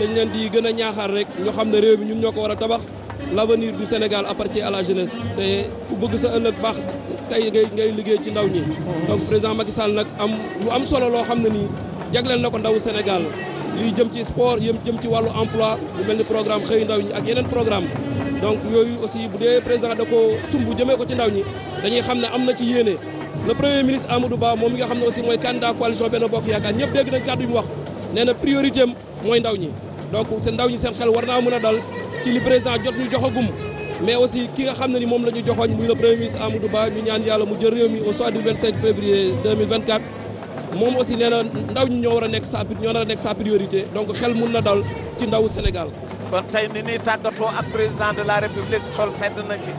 dañ leen di gën a ñaaxaar rek ñu xam ne réew mi ñun ñoo ko war a tabax l'avenir du Sénégal appartient à la jeunesse te ku bëgg sa ëllëg baax tey ngay liggéey ci ndaw ñi. donc président Macky nag am lu am solo loo xam ne nii jagleel na ko ndaw Sénégal liy jëm ci sport yëm jëm ci wàllu emploi lu mel ni programme xëy ndaw ñi ak yeneen programme donc yooyu aussi bu dee président da ko sumb jëmee ko ci ndaw ñi dañuy xam ne am na ci yéene le premier Ba moom mi nga xam ne aussi mooy candidat coalition Yaakaar ñëpp dégg nañ kàddu yu mu wax nee na mooy ndaw ñi. donc seen ndaw ñi seen xel war naa mën a dal ci li président jot ñu joxagum mais aussi ki nga xam ne ni moom la ñu joxoon muy le premier ministre Amadou Ba ñu ñaan yàlla mu jël réew mi au soir du 27 février 2024. moom aussi nee na ndaw ñi ñoo war a nekk sa ñoo war a nekk sa priorité donc xel mun na dal ci ndawu Sénégal. kon tey ni ñuy tàggatoo ak président de la république xol fedd na ci.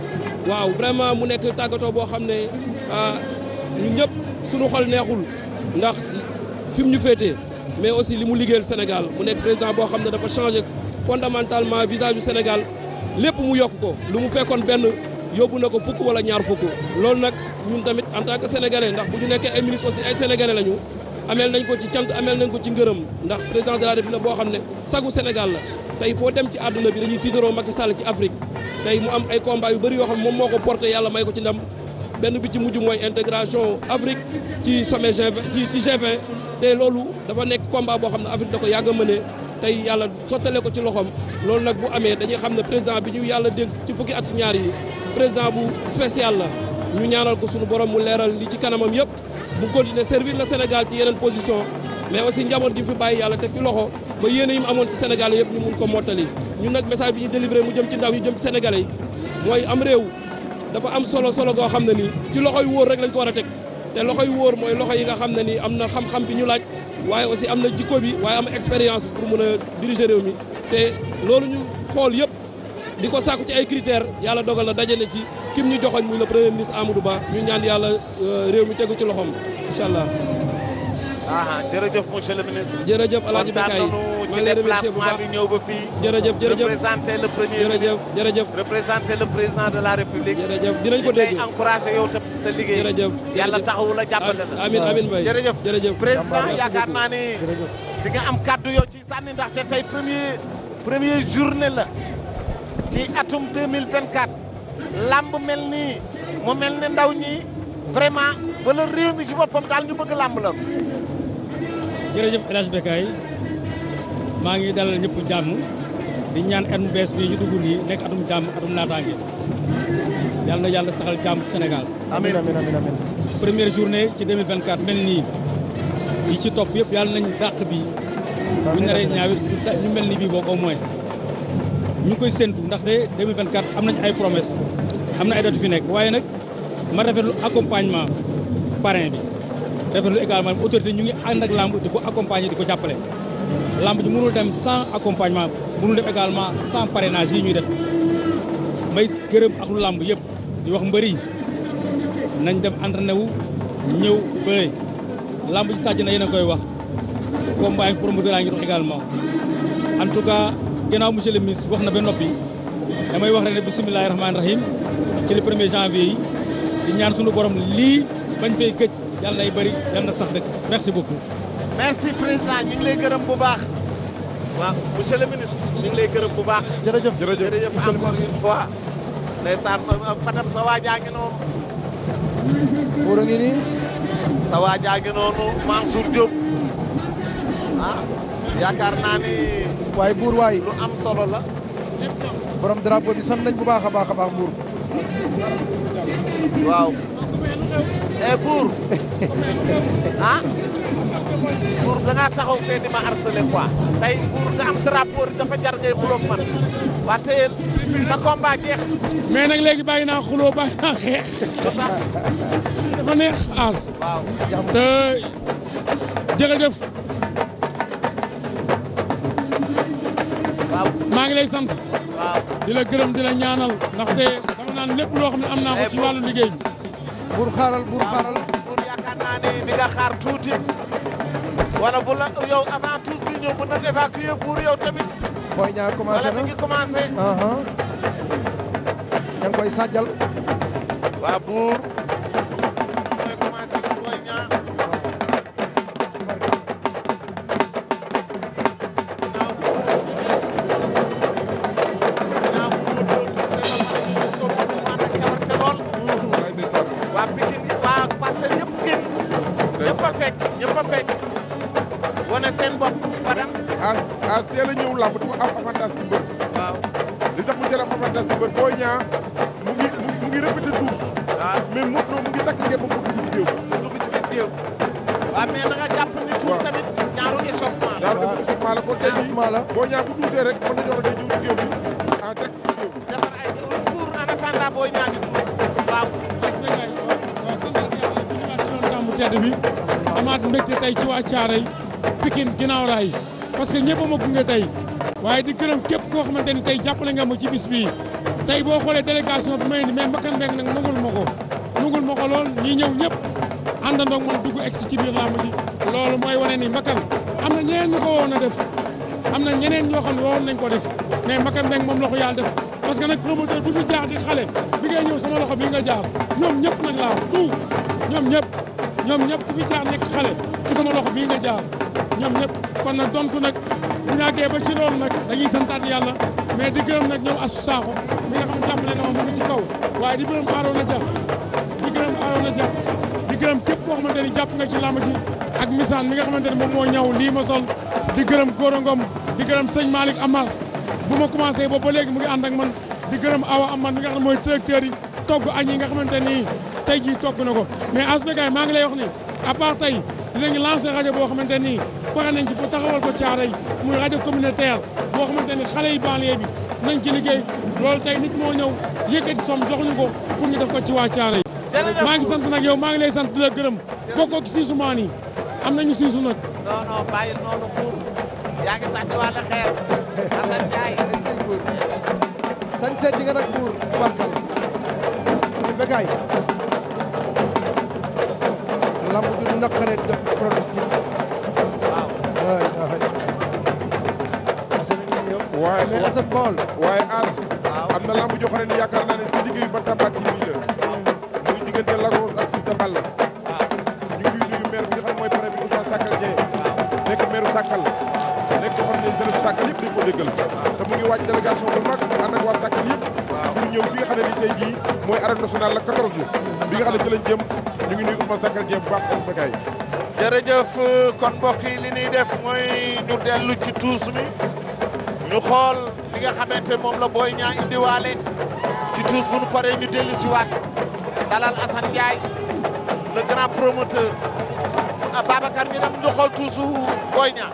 waaw vraiment mu nekk tàggatoo boo xam ne ah, ñun ñëpp suñu xol neexul ndax fi mu ñu féetee. mais aussi li mu liggéeyal Sénégal mu nekk président boo xam ne dafa changé fondamentalement visage du Sénégal lépp mu yokk ko lu mu fekkoon benn yóbbu na ko fukk wala ñaar fukk loolu nag ñun tamit en tant que sénégalais ndax bu ñu nekkee ay ministre aussi ay sénégalais lañu ameel nañ ko ci cant ameel nañ ko ci ngërëm ndax président de la boo xam ne sagu Sénégal la tey foo dem ci àdduna bi dañuy tiitaroo Macky Sall ci Afrique tey mu am ay combat yu bëri yoo xam ne moom moo ko porté yàlla may ko ci ndam benn bi ci mujj mooy intégration Afrique ci sommet G20 ci G20 te loolu dafa nekk combat boo xam ne Afrique da ko yàgg a mënee tey yàlla sottale ko ci loxoom loolu nag bu amee dañuy xam ne président bi ñu yàlla dégg ci fukki at ñaar yi président bu spécial la ñu ñaanal ko sunu borom mu leeral li ci kanamam yëpp mu continuer service la Sénégal ci yeneen position mais aussi njaboot gi fi bàyyi yàlla teg ci loxo ba yéene yi mu amoon ci sénégale yëpp ñu mun ko mottali ñu nag message bi ñu délivré mu jëm ci ndaw yi jëm ci Sénégalais am réew dafa am solo solo goo xam ne nii ci loxoy wóor rek lañ ko a teg te loxo yu wóor mooy loxo yi nga xam ne nii am na xam-xam bi ñu laaj waaye aussi am na jikko bi waaye am expérience pour mën a diriger réew mi te loolu ñu xool yëpp di ko sàkku ci ay critères yàlla dogal na daje ci kim ñu joxoñ muy le premier ministre Amadou Ba ñu ñaan yàlla euh, réew mi tegu ci loxoom incha allah. Ah, jërëjëf monsieur le ministre. jërëjëf El ci déplacement bi ñëw ba fii. jërëjëf jërëjëf représenté le premier. jërëjëf jërëjëf représenté le président de la république. jërëjëf dinañ ko dégg encouragé yow tam sa liggéey. jërëjëf yàlla taxawu la jàppale la. amiin amiin Mbaye jërëjëf jërëjëf président yaakaar naa ni di nga am kaddu yow ci sànni ndaxte tey premier premier journée la ci atum 2024 lamb mel ni mu mel ne ndaw ñi vraiment wala réew mi ci boppam daal ñu bëgg lamb la. jërëjëf El Hadj Bekkay maa ngi dalal ñëpp jàmm di ñaan at mu bees bii ñu dugg nii nekk atum jàmm atum naataange yal na yàlla saxal jàmm ci Sénégal. amiin amiin amiin amiin première journée ci mel nii yi ci topp yëpp yàlla nañ dàq bi bu ñu naree ñaaw ñu mel ni bii boobu au moins ñu koy séntu ndax de 2024 am nañ ay promesse am na ay date fi nekk waaye nag ma rafetlu accompagnement parrain bi rafetlu également autorité ñu ngi ànd ak làmb di ko accompagner di ko jàppale. lamb ji mënul dem sans accompagnement mënul dem également sans parrainage yi ñuy def may gërëm ak lu lamb yëpp di wax mbëri nañ dem entraîné wu ñëw bëre lamb ji sàcc na yéen a koy wax combat yi promoteur a ngi dox également en tout cas gannaaw monsieur le ministre wax na ba noppi damay wax rek ne bisimilahi rahmaani rahim ci le premier janvier yi di ñaan sunu borom lii bañ fay gëj yàlla nay bëri yàlla na sax dëkk merci beaucoup merci président ñu ngi gërëm bu baax. waaw monsieur le ministre lay gërëm bu baax. jërëjëf jërëjëf jërëjëf encore une fois. ndeysaan Fadam sa waa jaa ngi noonu. wóor ngi nii. sa noonu Mansour Diop. ah yaakaar waaye buur waay lu am solo la. borom drapeau bi sant nañ bu baax a baax a baax buur. waaw. eh buur. ah. buur da ngaa taxaw fee ma harcelé quoi buur nga am drapeau dafa jar ngay xulóog man waa tey na naa xulóo bàyyi naa xeex. dafa neex as. waaw te jërëjëf. waaw maa ngi lay sant. waaw ñaanal ndaxte dama naan lépp loo xam am naa ko eh, ci wàllu liggéey bi. buur buur xaaral. buur yaakaar naa ne di tuuti. wala bu la yow avant tous ñu bu na évacuer buur yow tamit. booy ñaa commencé na wala mi ngi commencé. yaa ngi amaat mbégte tey ci waa Caaroy Pikine ginnaaw raay parce que ñëpp ma gunge tey waaye di gërëm képp koo xamante ni tey jàppale nga ma ci bis bii tey boo xoolee délégation bi may indi mais Makan Mbengue nag nangul ma ko nangul ma ko lool ñi ñëw ñëpp àndandoo ak man dugg egg ci biir làmb ji loolu mooy wane ni Makan am na ñeneen ñu ko woon a def am na ñeneen ñoo xam ne woon nañ ko def mais Makan Mbengue moom la ko yàlla def parce que nag promoteur bu fi ñëpp nag laaw tout ñoom ñëpp ku fi jaar nekk xale ci sama loxo bii nga jaar ñoom ñëpp kon nag dontu nag bu ñu ba ci loolu nag dañuy santaat yàlla mais di gërëm nag ñoom asu saaxo mi nga xam ne jàppale ma mu ngi ci kaw waaye di gërëm Arona Dia di di gërëm képp koo xamante ni jàpp nga ci làmb ji ak misaan mi nga xamante ni moom moo ñaw lii ma sol di gërëm góorangom di gërëm sëñ Malick Amal bu ma commencé boobu ba léegi mu ngi ànd ak man di gërëm Awa Amal mi nga xam mooy directeur yi togg añ yi nga xamante ni tey jii topp na ko mais Astou maa ngi lay wax ni à part tey dinañ lancé rajo boo xamante nii pare nañ ci pour taxawal ko Thiaroye muy rajo communautaire boo xamante ni xale yi banlieue bi nañ ci liggéey loolu tey nit moo ñëw yëkkati som joxuñu ko pour ñu def ko ci waa Thiaroye maa ngi sant nag yow maa ngi lay sant di la gërëm bokkoo ci siisu maan yi am nañu siisu nag non non bàyyi noonu lamb du naqare pronostic waaw waaye mais Assane Baol waaye as am na lamb joo xam ne yaakaar naa ne ci liggéeyu ba tabaat yi la hmm. muy diggante Lagos ak Fils de Balla ah. ñu ngi nuyu maire bi nga xam mooy pare bi Ousmane Sakkal Dieng ah. nekk maire Sakkal nekk xam ne jërëjëf Sakkal yëpp dañ ko déggal ah. te mu ngi waaj délégation bu mag ànd ak waa Sakkal yëpp pour ñëw fi xam ne ni tey jii mooy arène nationale la 14 bi bi nga xam lañ jëm ñu ngi nuyu Ousmane Sakal Dieng bu baax ak Bakaay. jërëjëf kon mbokk yi li def mooy ñu dellu ci tuus mi ñu xool li nga xamante moom la booy ñaa indiwaale ci tuus bu ñu paree ñu dellu si waat dalal Assane Ndiaye grand promoteur Babacar ñu dem ñu xool tuusu booy ñaa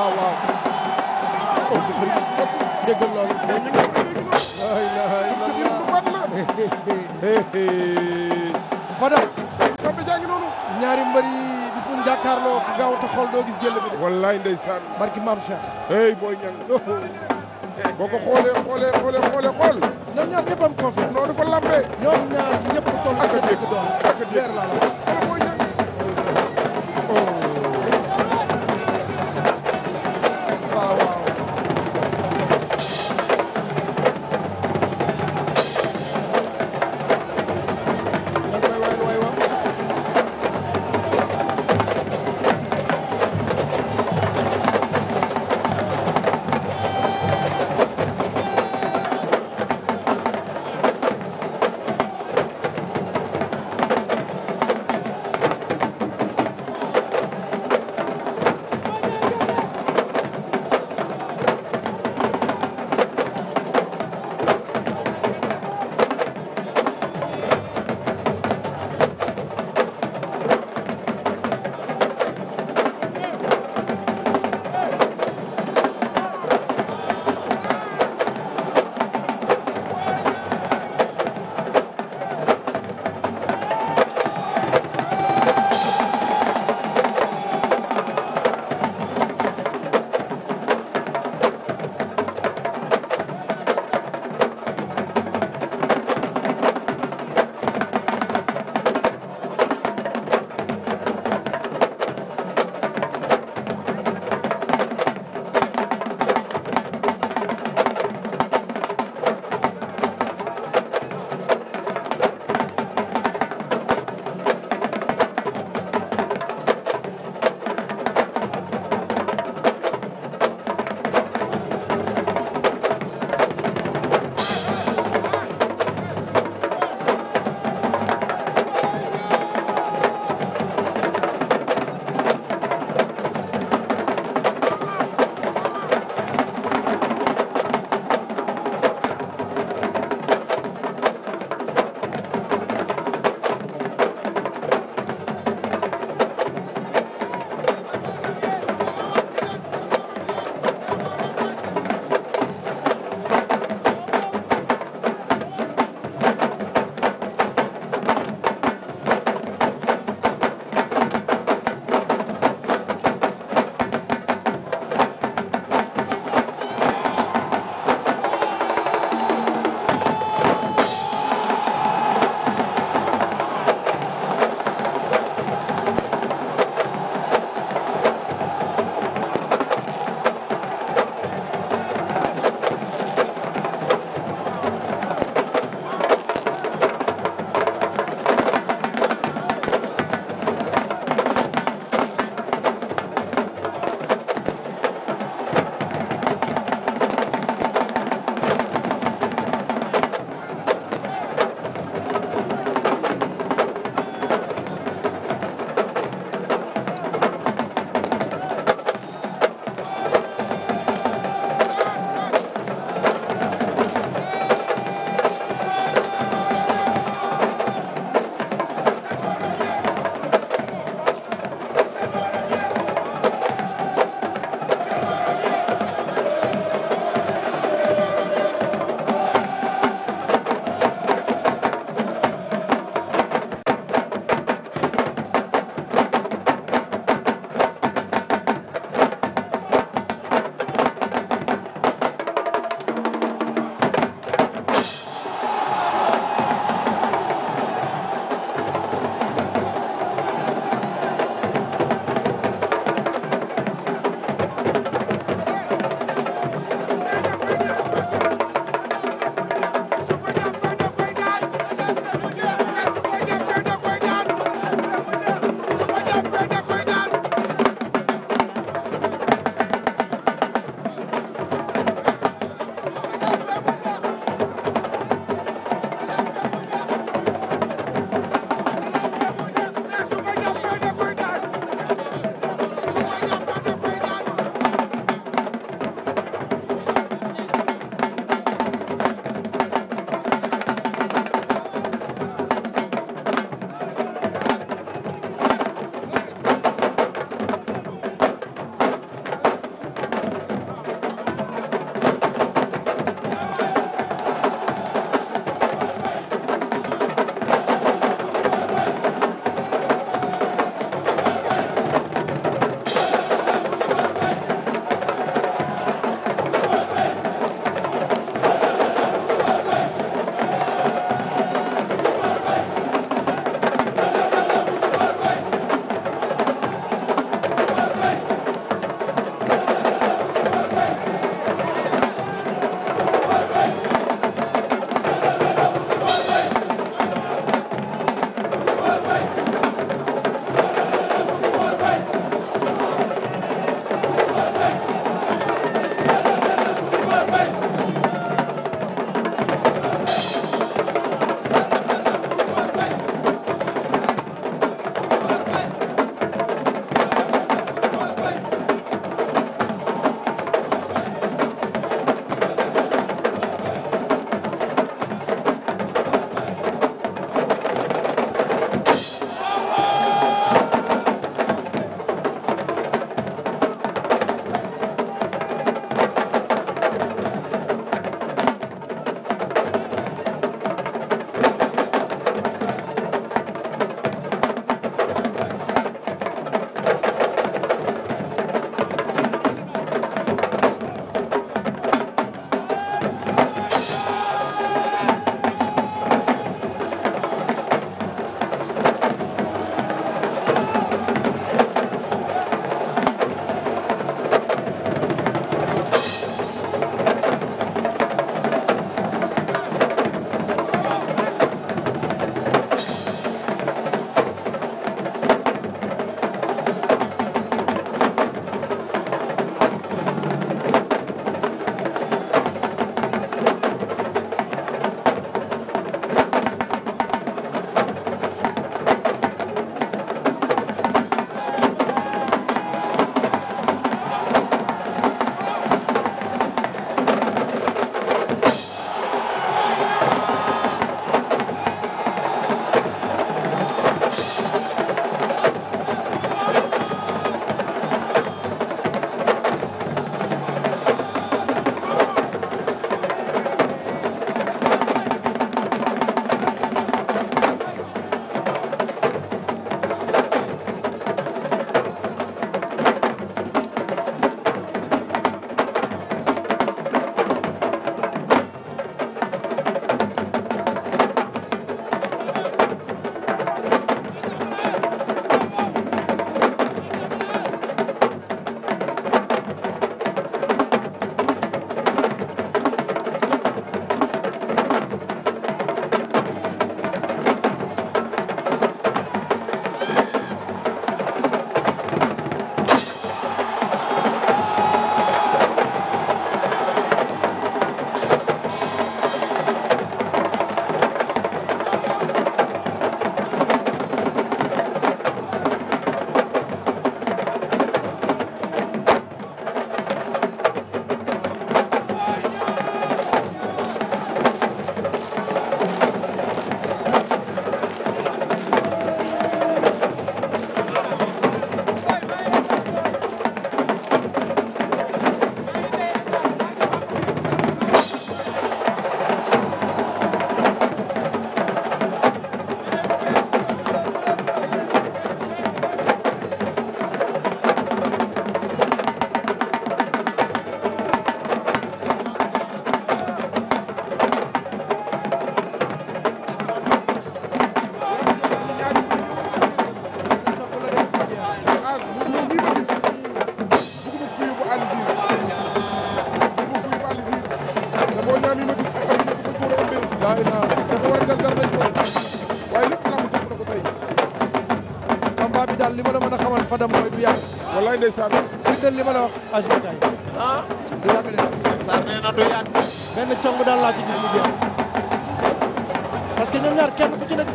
waaw waaw ëpp bëri ëpp noonu ñaari mbër yi bis bu ku gaaw te xool doo gis bi de wallaay ndeysaan barki maam Cheikh hey booy ñang boo ko xoolee xoolee xoolee xoolee xool ñoom ñaar ñëpp am confiance noonu ko lambee ñoom ñaar ñëpp toll ak doon leer la la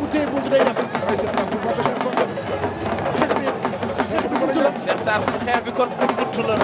bu téye boobu day ñàkk mais c'est ça pour moi xeex bi xeex bi kon la xeex bi kon buntu la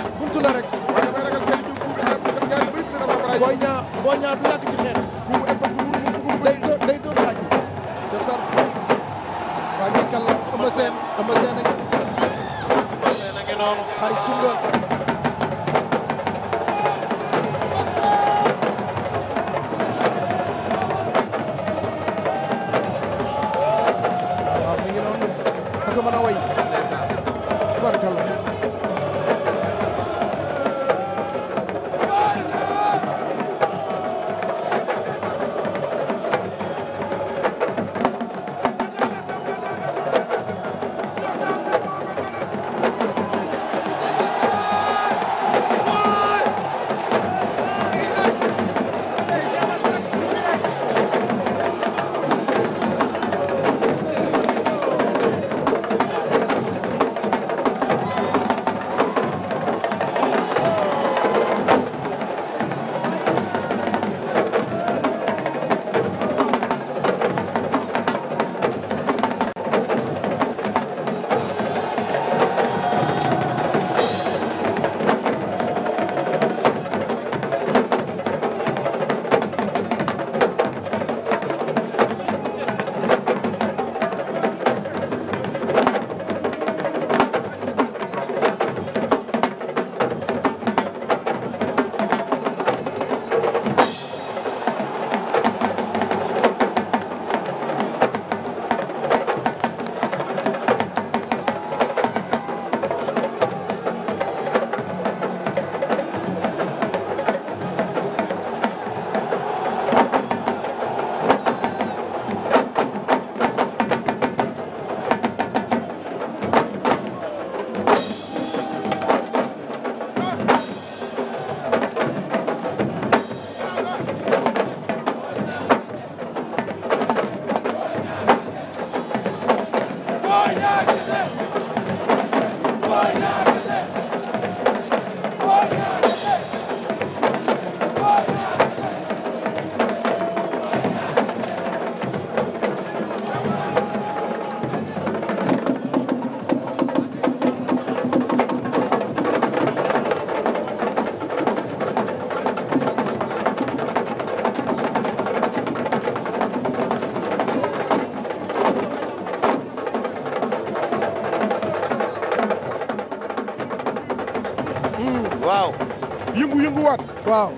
waaw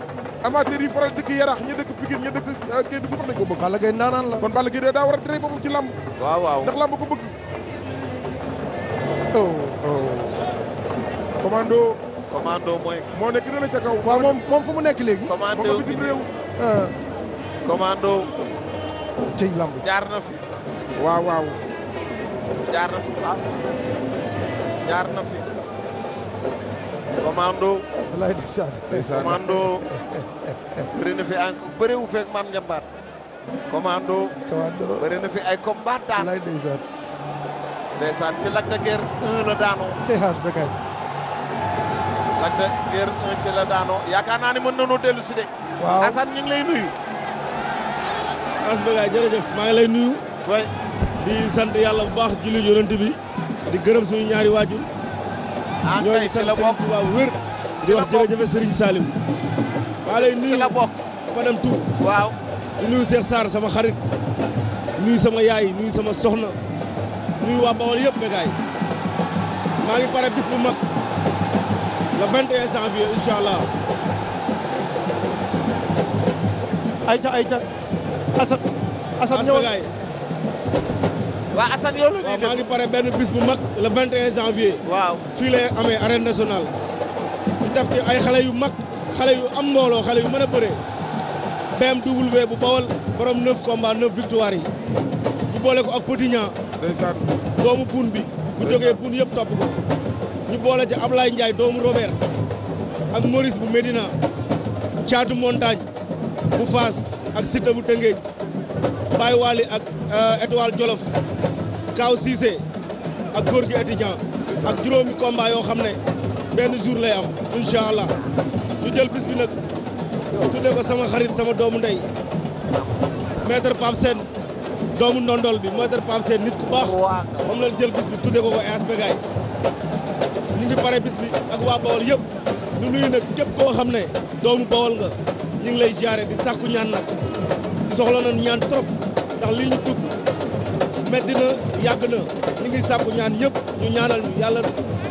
amateur yi faral dëkk Yarax ñi dëkk Pikine ñi dëkk ah, Kédougou wax nañ ko bëgg Balla Gaye naanaan la kon Balla Gaye daa war a tere boppam ci làmb waaw waaw ko bëgg oh oh commando moo nekk na la ca kaw waaw moom moom fu mu nekk léegi commando bitim ah. Ah. jaar na fi waaw waaw jaar na fi jaar commando wallaay ndeysaan commando bëri na fi en bëri wu fekk maam njambaat commando commando bëri na fi ay combat daan wallaay ndeysaan ndeysaan ci Lac de Guiers 1 la daanoo ci xaas bekay Lac de Guiers 1 ci la daanoo yaakaar naa ni mën nañoo dellu si de waaw Assane ñu ngi lay nuyu xaas bekay jërëjëf maa lay nuyu way di sant yàlla bu baax julli yonent bi di gërëm suñu ñaari waajur ah tey ci la bokk waaw wér di wax jërëjëf Serigne Salim maa lay nuyu la bokk Fadam Tour waaw di nuyu Cheikh Sarr sama xarit nuyu sama yaay nuyu sama soxna nuyu waa Bawol yëpp bégaay maa ngi pare bis bu mag le 21 janvier incha allah ayca ayca asat asat ñëw waa Assane yow la maa ngi pare benn bis bu mag le 21 janvier. waaw fii lay amee arène nationale. ñu def ci ay xale yu mag xale yu am mbooloo xale yu mën a bëree. BMW bu bawal borom 9 combats 9 victoires yi. ñu boole ko ak Petit doomu Poun bi. bu jógee Poun yëpp topp ko. ñu boole ci Ablaye Ndiaye doomu Robert. ak Maurice bu Medina. caatu montagne bu Faas ak Siteu bu Tëngéej. Baye Waly ak euh, étoile Jolof Kaaw Cissé ak góor gi étudiant ak juróomi combat yoo xam ne benn jour lay am incha allah lu jël bis bi nag tuddee ko sama xarit sama doomu ndey maître Pape Sène doomu ndondol bi maître Pape Sène nit ku baax moom lañ jël bis bi tuddee ko ko Asbégaye ñu ngi pare bis bi ak waa Bawol yëpp du nuyu nag képp koo xam ne doomu Bawol nga ñu ngi lay ziare di sàkku ñaan nag soxla nañ ñaan trop ndax lii ñu dugg metti na yàgg na ñu ngi sàkku ñaan ñëpp ñu ñaanal ñu yàlla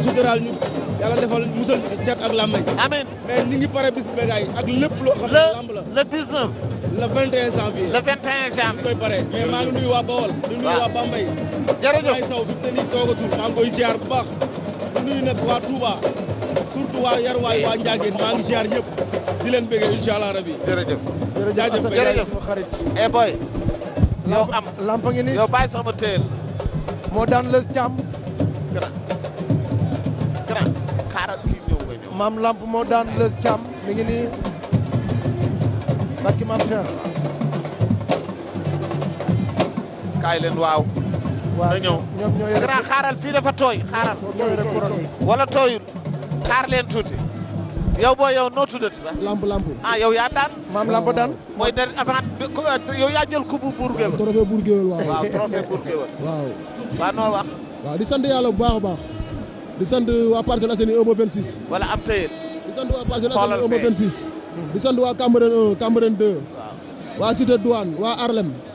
suturaal ñu yàlla defal musal ñu si cat ak làmmeñ amiin mais pare bis ak lépp loo xam ne làmb la le 19 le 21 janvier le 21 janvier koy pare mais maa ngi nuyu waa Bawol di nuyu waa Bambey jërëjëf ay saw fi mu ne maa ngi koy bu baax di nuyu nag waa Touba surtout waa Yarwaay waa Njaageen maa ngi ziar ñëpp di leen bëggee incha allah rabi. jërëjëf jërëjëf jërëjëf xarit. eh boy. yow am lampa ngi ni yow bàyyi sama teel. moo daan lës jàmm. grand grand xaaral kii ñëw nga ñëw. maam lamp moo daan lës jàmm mi ngi nii barki maam Cheikh. kaay leen waaw. waaw ñoom ñoo yore grand xaaral dafa tooy xaaral. wala tooyul xaar leen tuuti. yow booy yow noo tuddati sax. lamp lamp. ah yow yaa daan. maam lamp daan. mooy de avant yow yaa jël coupe Bourguewal. trophée Bourguewal waaw. waaw trophée waaw. waaw di sant yàlla bu baax a baax. di sant waa Parcelles Assainies Unité 26. wala ab tëyeel. di sant waa Parcelles Assainies Unité 26. waaw waa Cité waa Arlem.